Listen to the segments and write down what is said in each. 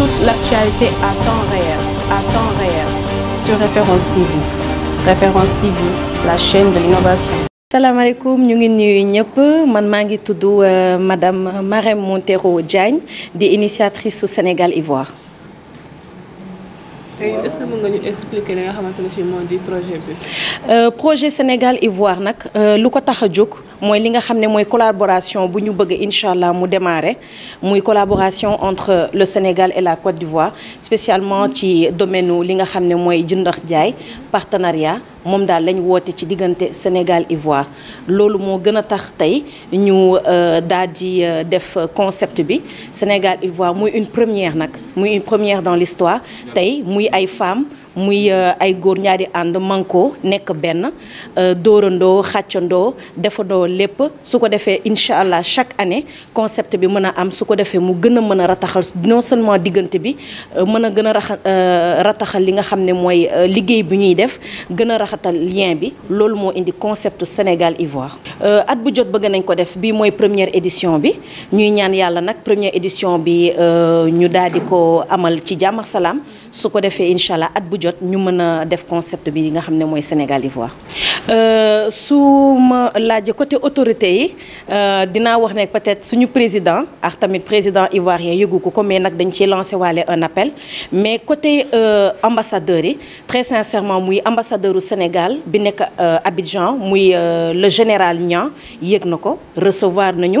toute l'actualité à temps réel, à temps réel, sur Référence TV. Référence TV, la chaîne de l'innovation. salaamaaleykum ñu ngi nuyu ñëpp man mangi ngi euh, madame Marem Montero Diagne des initiatrice au Sénégal Ivoire. est-ce que vous pouvez ñu expliquer le nga xamante ci projet bi. Euh, projet Sénégal Ivoire nak, euh, projet moy li nga xamné moy collaboration bu ñu bëgg inshallah mu démarrer moy collaboration entre le Sénégal et la Côte d'Ivoire spécialement ci domaine li nga xamné moy mooy jaay partenariat mom daal lañ woté ci diganté Sénégal Ivoire. lolu mo gëna tax tay ñu euh, daal di euh, def concept bi Sénégal Ivoire moy une première nak moy une première dans l'histoire tay moy ay femmes. muy euh, ay góor ñaari ànd manko nekk benn euh, dóorandoo xàccandoo defandoo lépp su ko defee incha allah chaque année concept bi mën a am su ko defee mu gën a mën a rataxal non seulement diggante bi euh, mën a gën a raxa rataxal li nga xam ne mooy liggéey bi ñuy def gën a raxatal lien bi loolu moo indi concept Sénégal Ivoire. at bu jot bëgg nañ ko def bii mooy première édition bi ñuy ñaan yàlla nag première édition bi ñu daal di ko amal ci jàmm ak salaam su ko defee incha allah jot ñu mëna def concept bi nga xamné moy mooy Sénégal Ivoire euh ma laajee côté autorité yi euh dina wax né peut-être suñu président ak tamit président ivoirien yëgu ko ko mais nag dañ ci lancé walé un appel mais côté euh, ambassadeurs yi très sincèrement muy ambassadeur du Sénégal bi nek euh, Abidjan muy euh, le général nian yegnako recevoir nañu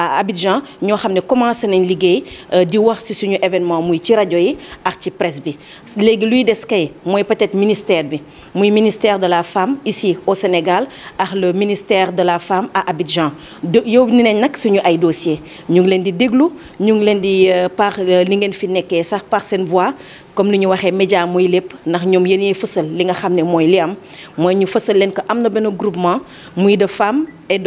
à Abidjan nous avons commencé nañ liggéey euh, di wax ci suñu événement muy ci rajo yi ak ci presse bi léegi luy kay peut-être ministère bi ministère de la femme ici au Sénégal ak le ministère de la femme à Abidjan de yow ni nañ nag suñu ay dossier ñu ngi des di déglu ñu ngi di euh, par euh, li ngeen fi nekkee sax par seen voix comme ni ñu waxee média muy lépp ndax ñoom yen yéenee fësal li nga xam ne mooy li am mooy ñu fësal leen ko am na benn groupement muy de femmes et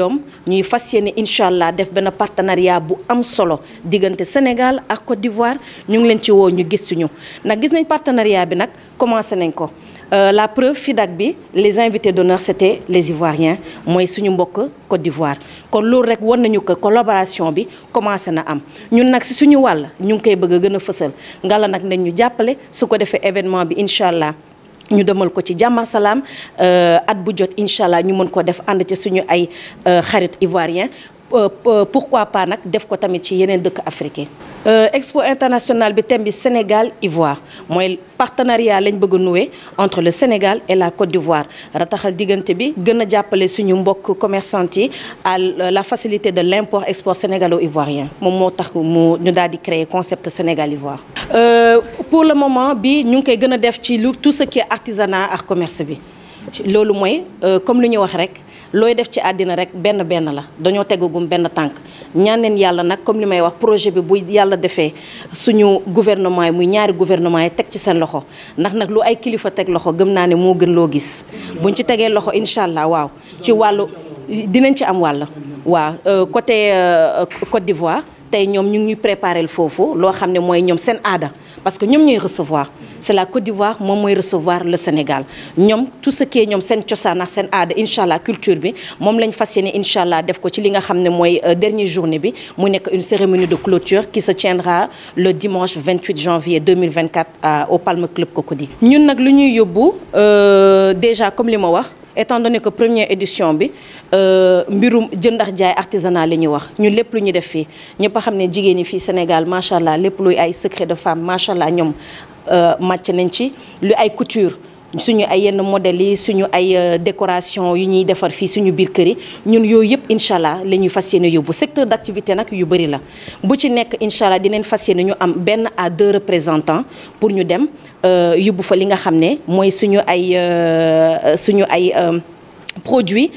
ñuy fas yéene incha allah def benn partenariat bu am solo diggante Sénégal ak Côte d'Ivoire ñu ngi leen ci woo ñu gis ñu ndax gis nañ partenariat bi nag commencé nañ ko Euh, la preuve FIDAK bi les invités d'honneur c'était les Ivoiriens mooy suñu mbokk Côte d'Ivoire kon loolu rek war ko collaboration bi commencé na am ñun nag si suñu wàll ñu ngi koy bëgg a gën a fësal ngala nag nañ ñu événement bi incha allah ñu demal ko ci jàmm salaam euh, at bu jot incha allah ñu mën ko def ci suñu ay euh, xarit euh, euh, pourquoi pas nak def ko tamit ci yenen deuk africain euh, expo internationale bi thème bi Sénégal Ivoire moy partenariat lañ bëgg nouer entre le Sénégal et la Côte d'Ivoire rataxal digënté bi gëna jappalé suñu mbokk yi à la facilité de l'import export sénégalo-ivoirien mom mo tax mu ñu daal di créer concept Sénégal Ivoire. pour le moment bi ñu ngi koy gëna def ci tout ce qui est artisanat ak commerce bi comme lu ñu wax rek. looy def ci àddina rek benn benn la dañoo tegagum benn tànk ñaan leen yàlla nag comme li may wax projet bi bu yàlla defee suñu gouvernement yi muy ñaari gouvernement yi teg ci seen loxo ndax nag lu ay kilifa teg loxo gëm naa ne moo gën loo gis buñ ci tegee loxo incha allah waaw ci wàllu dinañ ci am wàll waaw euh, côté euh, coté d'Ivoire tay ñom ñu ñuy préparer le loo lo xamné moy ñom sen ada parce que ñom ñuy recevoir c'est la Côte d'Ivoire mom moy recevoir le Sénégal ñom tout ce qui est ñoom seen cosaan à seen aada culture bi mom lañ fas inshallah def ko ci li nga xamné moy mooy euh, dernière journée bi mu nek une cérémonie de clôture qui se tiendra le dimanche 28 janvier 2024 au Palme Club Cocody ñun nag lu ñuy yóbbu euh, déjà comme li ma wax étant donné que première édition bi euh, mbirum jënd ak jaay artisanat li ñuy wax ñun lepp lu ñu def fi ñepp xamné jigéen yi fi Sénégal machallah lepp luy ay secret de femme machallah ñom euh match nañ ci lu ay couture suñu ay yenn modèles yi suñu ay euh, décoration yu ñuy defar fii suñu biir kër yi ñun yooyu yëpp incha allah la ñuy fas yéene yóbbu secteur d' activité nag yu bëri la bu ci nekk incha allah dinañ fas yéene ñu am benn à deux représentants pour ñu dem euh, yóbbu fa li nga xam ne mooy suñu ay euh, suñu ay produits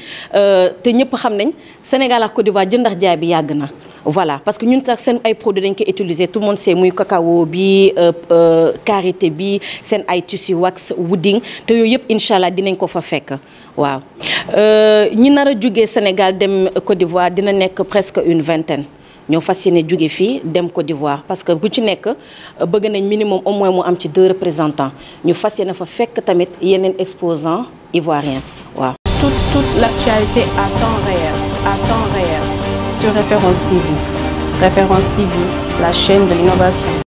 te ñëpp xam nañ Sénégal ak Côte d'Ivoire jëndax jaay bi yàgg na voilà parce que nous avons des produits qui sont utilisés, tout le monde sait le cacao bi euh, euh, karité bi seen ay tissu wax wooding te yooyu Inshallah, incha allah dinañ ko fa fekk waaw. Euh, ñi nar Sénégal dem Côte d'Ivoire dina nekk presque une vingtaine. Nous, fas yéene jóge fii dem Côte d'Ivoire parce que bu ci nekk bëgg minimum au moins mu am deux représentants ñu fas yéene fa fekk tamit yeneen exposants ivoiriens waaw. toute toute l'actualité à temps réel à temps réel sur Référence TV. Référence TV, la chaîne de l'innovation.